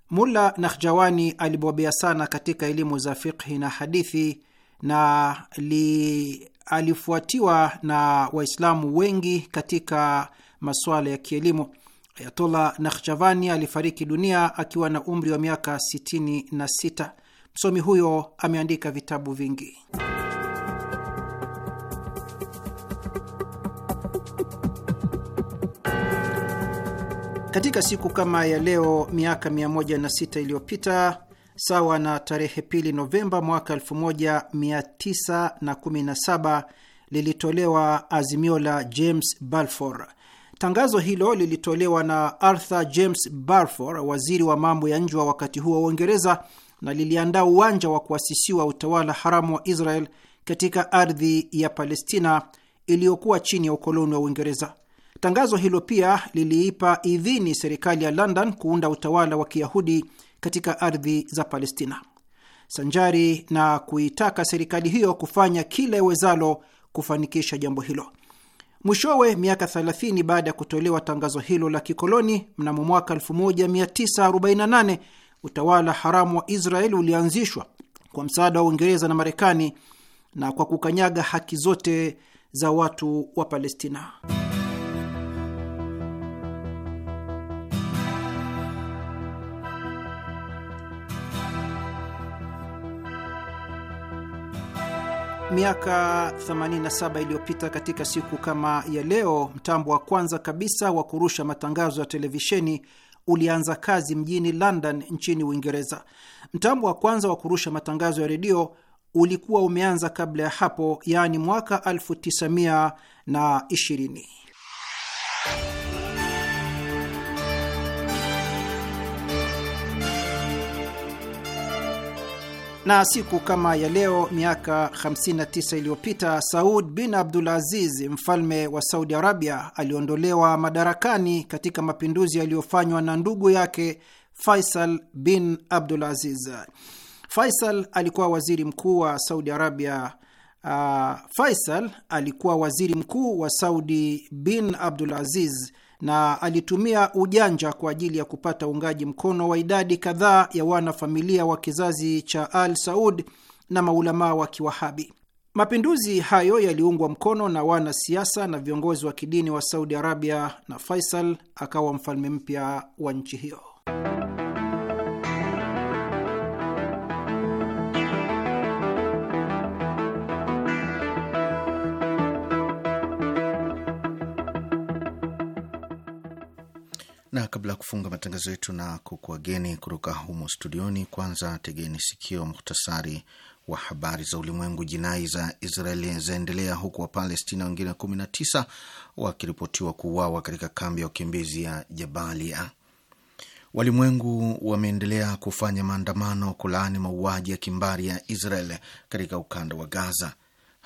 Speaker 7: Mula Nakhjawani alibobea sana katika elimu za fiqhi na hadithi na li, alifuatiwa na Waislamu wengi katika masuala ya kielimu. Ayatollah Nakhchavani alifariki dunia akiwa na umri wa miaka 66. Msomi huyo ameandika vitabu vingi. Katika siku kama ya leo miaka 106 iliyopita sawa na tarehe pili Novemba mwaka 1917 lilitolewa azimio la James Balfour. Tangazo hilo lilitolewa na Arthur James Balfour, waziri wa mambo ya nje wa wakati huo wa Uingereza, na liliandaa uwanja wa kuasisiwa utawala haramu wa Israel katika ardhi ya Palestina iliyokuwa chini ya ukoloni wa Uingereza. Tangazo hilo pia liliipa idhini serikali ya London kuunda utawala wa Kiyahudi katika ardhi za Palestina, sanjari na kuitaka serikali hiyo kufanya kila iwezalo kufanikisha jambo hilo. Mwishowe, miaka 30 baada ya kutolewa tangazo hilo la kikoloni mnamo mwaka 1948 utawala haramu wa israel ulianzishwa kwa msaada wa Uingereza na Marekani na kwa kukanyaga haki zote za watu wa Palestina. Miaka 87 iliyopita katika siku kama ya leo, mtambo wa kwanza kabisa wa kurusha matangazo ya televisheni ulianza kazi mjini London nchini Uingereza. Mtambo wa kwanza wa kurusha matangazo ya redio ulikuwa umeanza kabla ya hapo, yaani mwaka 1920. Na siku kama ya leo miaka 59 iliyopita Saud bin abdul aziz mfalme wa Saudi Arabia, aliondolewa madarakani katika mapinduzi yaliyofanywa na ndugu yake Faisal bin Aziz. Faisal alikuwa waziri mkuu wa Saudi Arabia. Uh, Faisal alikuwa waziri mkuu wa Saudi bin abdul aziz na alitumia ujanja kwa ajili ya kupata uungaji mkono wa idadi kadhaa ya wanafamilia wa kizazi cha Al Saud na maulamaa wa Kiwahabi. Mapinduzi hayo yaliungwa mkono na wanasiasa na viongozi wa kidini wa Saudi Arabia na Faisal akawa mfalme mpya wa nchi hiyo.
Speaker 3: kabla ya kufunga matangazo yetu na kukuageni kutoka humo studioni, kwanza tegeni sikio muhtasari wa habari za ulimwengu. Jinai za Israeli zaendelea huku Wapalestina wengine 19 wakiripotiwa kuuawa katika kambi ya wakimbizi ya Jabalia. Walimwengu wameendelea kufanya maandamano kulaani mauaji ya kimbari ya Israel katika ukanda wa Gaza.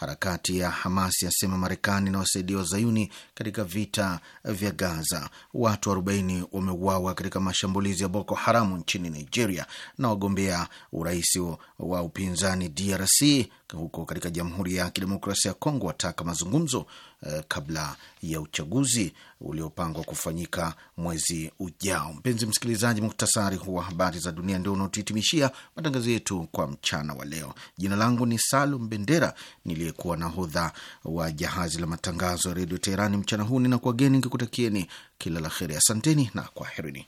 Speaker 3: Harakati ya Hamas yasema Marekani inawasaidia wazayuni katika vita vya Gaza. Watu 40 wameuawa katika mashambulizi ya Boko Haramu nchini Nigeria, na wagombea urais wa upinzani DRC huko katika Jamhuri ya Kidemokrasia ya Kongo wataka mazungumzo eh, kabla ya uchaguzi uliopangwa kufanyika mwezi ujao. Mpenzi msikilizaji, muktasari wa habari za dunia ndio unaotuhitimishia matangazo yetu kwa mchana wa leo. Jina langu ni Salum Bendera, niliyekuwa nahodha wa jahazi la matangazo ya Redio Teherani mchana huu, ninakuwageni nikikutakieni kila la heri. Asanteni na kwaherini.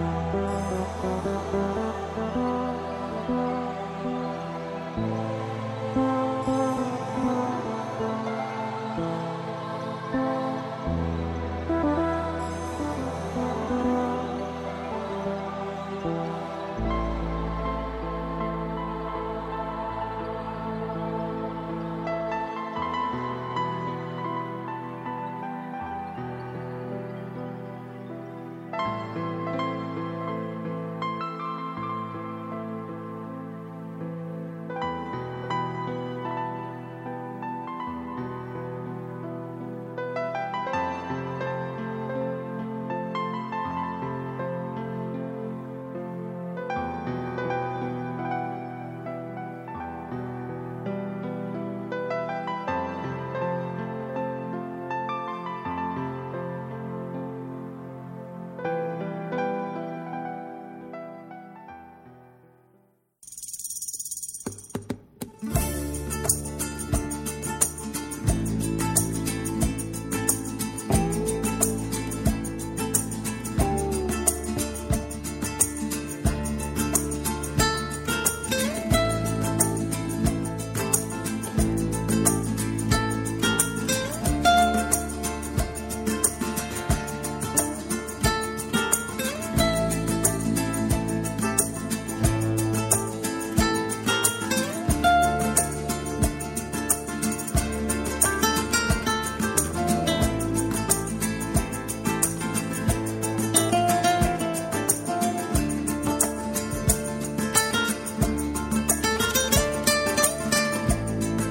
Speaker 6: Thank you.